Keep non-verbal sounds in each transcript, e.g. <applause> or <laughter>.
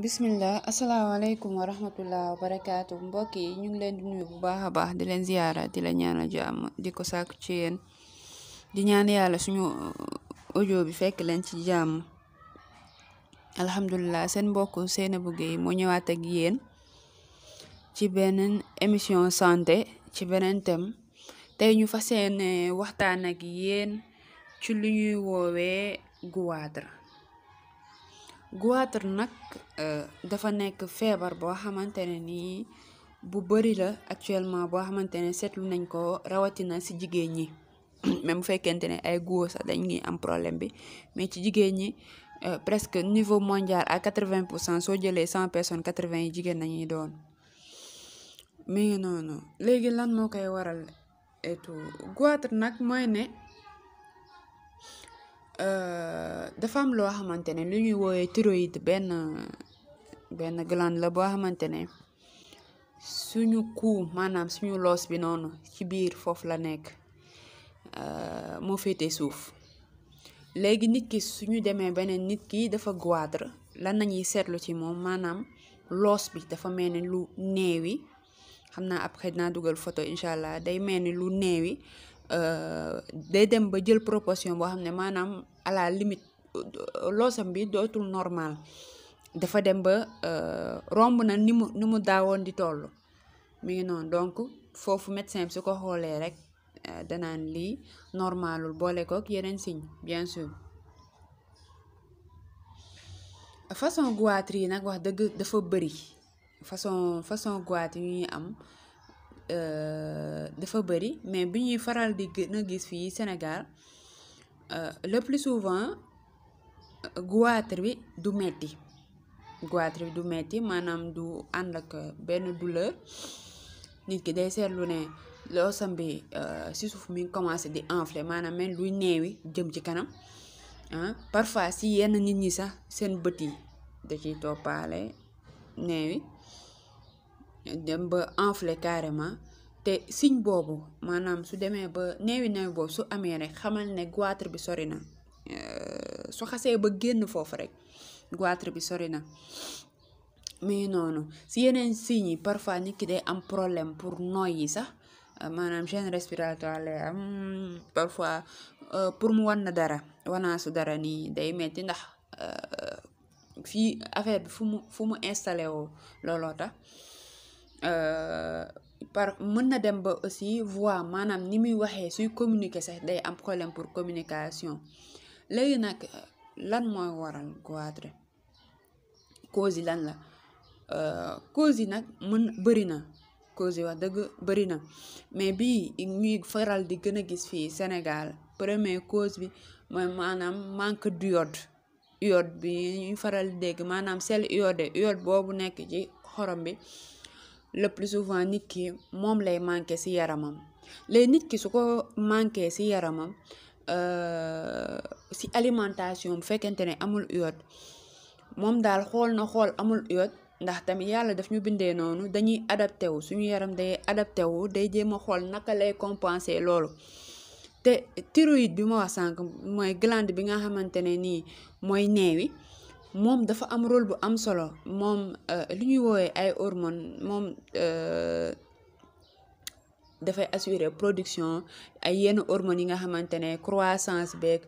bismillah assalamualaikum wa rahmatullah wa barakaatu mbokk yi ñu ngi leen di nuyu bu baaxa baax di leen ziyaara di la ñaanal jàmm di ko sàkku ci yéen di ñaan yàlla suñu audio bi fekk leen ci jàmm alhamdulillah seen mbokk seen bu géey moo ñëwaat ak yéen ci beneen émission santé ci beneen thème tey ñu fas eh, waxtaan ak yéen ci lu ñuy guadra goitre uh, dafa nek febar bo xamantene ni bu bëri la actuellement bo xamantene setlu seetlu nañ ko na ci jigeen ñi <clears throat> même fekente ne ay góor sa dañ ngi am problème bi mais ci jigéen ñi eh, presque niveau mondial à 80 so cent 100 personnes 80 jigeen jigéen nañuy doon mais non non légui lan mo kay waral et tout goitre nak moy ne dafa am loo xamante ne lu ñuy woowee thyroïde benn benn glande la boo xamante ne suñu ku maanaam suñu loos bi noonu ci biir foofu la nekk euh, moo féete suuf léegi nit ki suñu demee beneen nit ki dafa goitre lan nañuy seetlu ci moom maanaam loos bi dafa mel ni lu néewi xam naa ab après naa dugal photo incha allah day mel ni lu néewi day eh, dem ba jël proportion bo xam manam à la limite loosam bi dootul normal dafa dem ba euh romb na nimu nimu ni di tollu mi ngi non donc fofu médecin bi su ko xoolee rek eh, nan li normalul bolé ko ak yenen signe bien sûr façon goitre nak wax deug dafa beuri façon façon goitre yi am Euh, dafa bëri mais bi ñuy faral di gën a gis fii Sénégal euh, le plus souvent goitre bi du metti goitre bi du metti maanaam du ànd ak benn douleur nit ki day seetlu ne loosam bi euh, si suuf mi ngi commencé di enfler maanaam mel luy neewi jëm ci kanam ah parfois si yenn nit ñi sax seen bët yi da ciy toppale neewi dem ba enfler carrément te signe boobu maanaam su demee ba newi neewi boobu su amee rek xamal ne goitre bi sori na euh, su xasee ba génn foofu rek goitre bi sori na mais noonu si yeneen signes yi parfois nit ki day am problème pour noyyi sax euh, maanaam gêne respiratoire lay parfois euh, pour mu wan na dara wanaasu dara nii day metti ndax fii affaire bi fu mu fu mu installé woo looloo tax par mën na dem ba aussi voix maanaam ni muy waxee suy communiquer sax day am problème pour communication léegi nag lan mooy waral goitre cause yi lan la euh, cause yi nag mën bëri na cause yi wax dëgg bëri na mais bii ñuy faral di gën a gis fii Sénégal première cose bi mooy maanaam manque d'iode iode bi ñuy faral di dégg maanaam sel iodé iode boobu nekk ci xorom bi le plus souvent nit ki moom lay manqué si yaramam léegi nit ki su ko manqué si yaramam euh, ci alimentation bu fekkente ne amul iode moom daal xool na xool amul iode ndax tamit yàlla daf ñu bindee noonu dañuy adapté wu suñu yaram day adapté wu day jéem a xool naka lay compenser loolu te thyroïde bi ma wax sànq mooy glande bi nga xamante ne nii mooy neewi moom dafa am rôle bu am solo moom euh, li ñuy woowee ay hormones moom euh, dafay assurer production ay yenn hormones yi nga xamante ne croissance beeg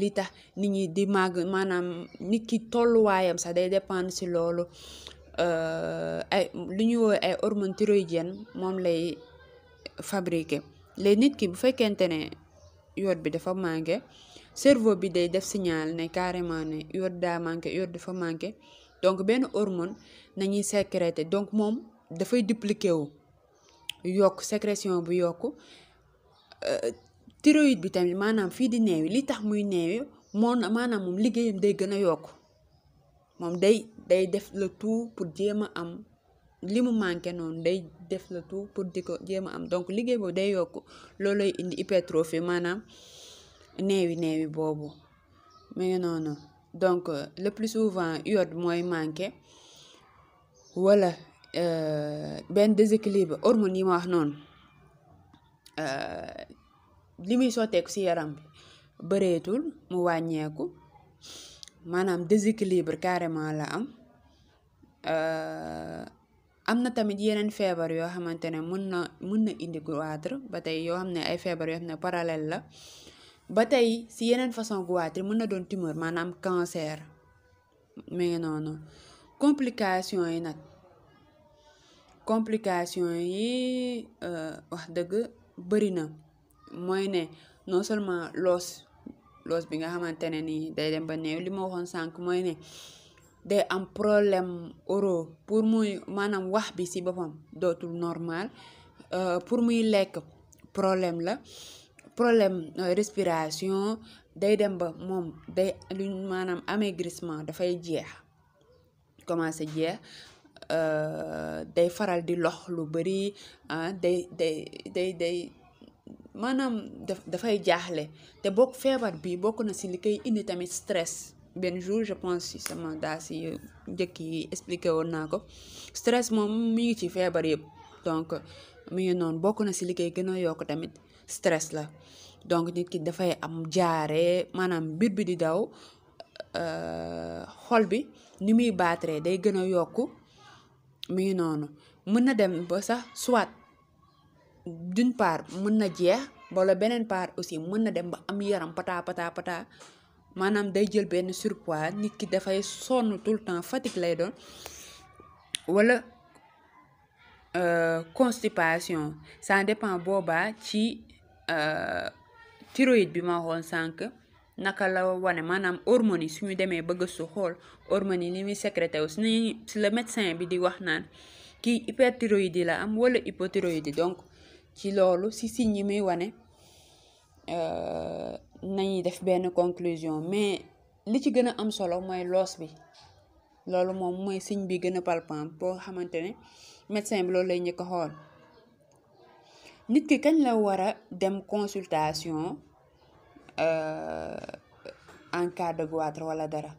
li tax nit ñi di màgg maanaam nit ki tolluwaayam sax day dépendre si loolu euh, ay li ñuy woowee ay hormones thyroïdiennes moom lay fabriquer léegi nit ki bu fekkente ne yoon bi dafa manqué. cerveau bi day def signal ne carrément ne iode daa manqué iode dafa manqué donc benn hormone nañuy sécréter donc moom dafay dupliqué wu yokk sécrétion bu yokk euh, thyroïde bi tamit maanaam fii di neewi li tax muy neewi moom maanaam moom liggéeyam day gën a yokk moom day day def le tout pour jéem a am li mu manqué noonu day def le tout pour di ko jéem a am donc liggéey boobu day yokk loolu loolay indi hypertrophie maanaam néew yi néew yi boobu mu ngi noonu donc euh, le plus souvent iode mooy manqué wala euh, benn déséquilibre hormone yi ma wax noonu euh, li muy sotteeku ci yaram bi bëreetul mu wàññeeku maanaam déséquilibre carrément la am am na tamit yeneen feebar yoo xamante ne mën na na indi goitre ba tey yoo xam ne ay feebar yoo xam ne parallèle la ba tey si yeneen façon goitre mën na doon tumeur cancer mais non noonu complication complication yi euh, wax ne non seulement loos loos bi nga ne day dem ba problème oro pour moi, maanaam wax bi si normal euh, pour muy lekk problème la problème euh, respiration day dem ba moom day lu maanaam amaigrissement dafay jeex commencé jeex euh, day faral di lox lu bari ah, day day day day maanaam dafay jaaxle te bokk feebar bi bokk na si li koy indi tamit stress benn jour je pense si sama daa si njëkk yi expliqué woon naa ko stress moom mi ngi ci feebar yëpp donc mu ngi noonu na ci liggéey gëna yokk tamit stress la donc nit ki dafay am jaare manam bir bi di daw xol eh, bi ni muy battre day gëna yokku mën dem ba sax soit d'une part mën na jeex wala benen part aussi mën dem ba am yaram pata pata pata manam day jël ben surpoids nit ki dafay sonn tout temps fatigue lay doon wala Euh, constipation ça dépend boobaa ci euh, thyroïde bi ma waxoon sànq naka la wane maanaam hormones su suñu demee ba gëstu xool hormones yi li muy sécrété wu si nañu si le médecin bi di wax naan kii hyperthyroïde yi la am wala hypothyroïde yi donc ci loolu si signe yi muy wane euh, nañuy def benn conclusion mais li ci gën a am solo mooy loos bi loolu moom mooy signe bi gën a palpable boo xamante ne médecin bi loolu lay njëkk a xool nit ki kañ la war a dem consultation euh, en cas de goitre wala dara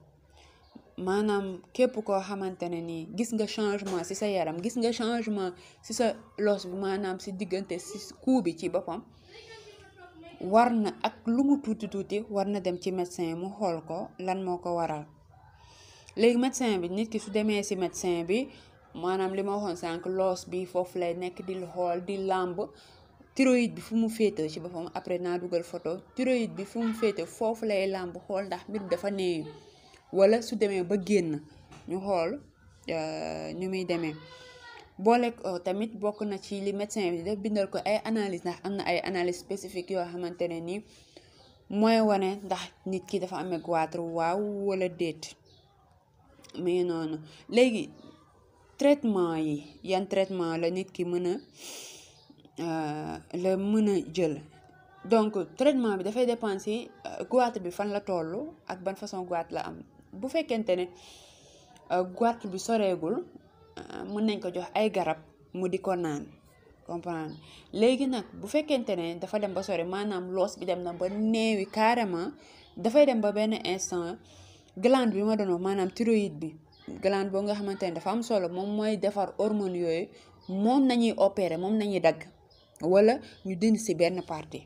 maanaam képp koo xamante ne nii gis nga changement ci sa yaram gis nga changement ci sa los bi maanaam ci diggante ci kuu bi ci boppam war na ak lu mu tuuti tuuti war na dem ci médecin mu xool ko lan moo ko waral léegi médecin bi nit ki su demee ci médecin bi maanaam li ma waxoon sànq loos bi foofu lay nekk di xool di làmb thyroïde bi fu mu féete ci boppam après naa dugal photo thyroïde bi fu mu féete foofu lay làmb xool ndax mbir dafa néew wala su demee ba génn ñu xool ñu euh, muy demee boole euh, tamit bokk na ci li médecin bi def bindal ko ay analyse ndax am na ay analyse spécifique yoo xamante ne nii mooy wane ndax nit ki dafa amee goitre waaw wala déet mais noonu léegi traitement yi yan traitement la nit ki mën a euh, la mën a jël donc traitement bi dafay dépendre euh, si goitre bi fan la toll ak ban façon goitre la am bu fekkente ne euh, goitre bi soreegul mën nañ ko jox ay garab mu di ko naan comprendre léegi nag bu fekkente ne dafa dem ba sore maanaam loos bi dem na ba néewi carrément dafay dem ba benn instant glande bi ma doon maanaam thyroïde bi glande boo nga xamante ne dafa am solo moom mooy defar hormone yooyu moom nañuy opérer moom nañuy dagg wala ñu dindi ci benn partie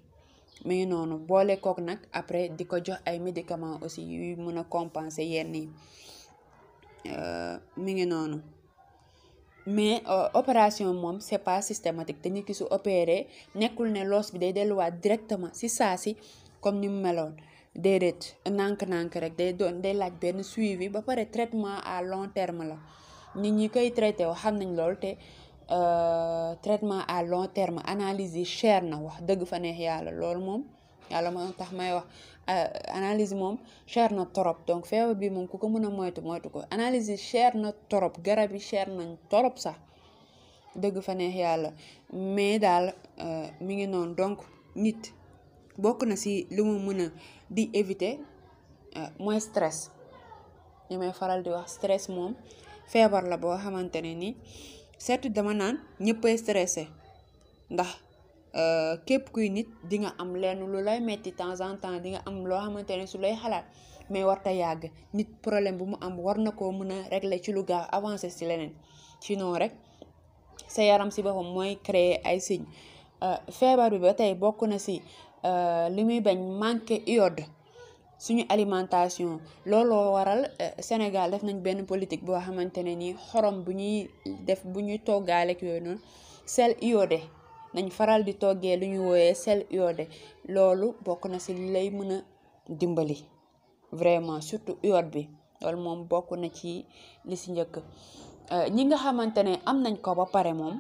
mu ngi noonu boole kook nag après di ko jox ay médicament aussi yuy mën a compenser yenn yi euh, mi ngi noonu mais euh, opération moom c'est pas systématique te nit ki su opéré nekkul ne loos bi day delluwaat directement ci saa si comme ni mu meloon déedéet nànk-nànk rek day doon day laaj benn suivi ba pare traitement à long terme la nit ñi koy traité wax xam nañ loolu te euh, traitement à long terme analyse yi cher na wax dëgg fa neex yàlla loolu moom yàlla moo tax may wax euh, analyse moom cher na trop donc feebar bi moom ku ko mën a moytu moytu ko analyse yi cher na trop garab yi cher nañ trop sax dëgg fa neex yàlla mais daal euh, mi ngi noonu donc nit bokk na si lu mu mën a di éviter euh, mooy stress ñu may faral di wax stress moom feebar la boo xamante ne ni surtout dama naan ñëppay stressé ndax euh, képp kuy nit di nga am lenn lu lay metti temps en temps di nga am loo xamante ne su lay xalaat mais warta yàgg nit problème bu mu am war na koo mën a régler ci lu gaaw avancer si leneen sinon rek sa yaram si boppam mooy créer ay signe euh, feebar bi ba tey bokk na si Euh, li muy bañ manqué iode suñu alimentation looloo waral euh, Sénégal def nañ benn politique boo xamante ne nii xorom bu ñuy def bu ñuy toggaaleeg yooyu noonu sel iodé nañ faral di toggee lu ñu wooyee sel iodé loolu bokk na si li lay mën a dimbali vraiment surtout iode bi loolu moom bokk na ci li si njëkk euh, ñi nga xamante ne am nañ ko ba pare moom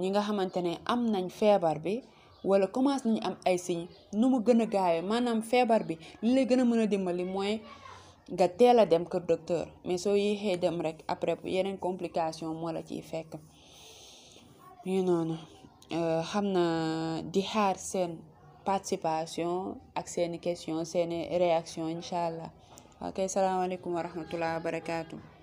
ñi nga xamante ne am nañ feebar bi wala commence nañu am ay signe nu mu gën a gaawee maanaam bi li lay gën a mën a dimbali dem docteur mais soo yéexee dem rek après une complication moo la fait fekk ñu noonu euh, xam di seen participation ak question réaction wa wa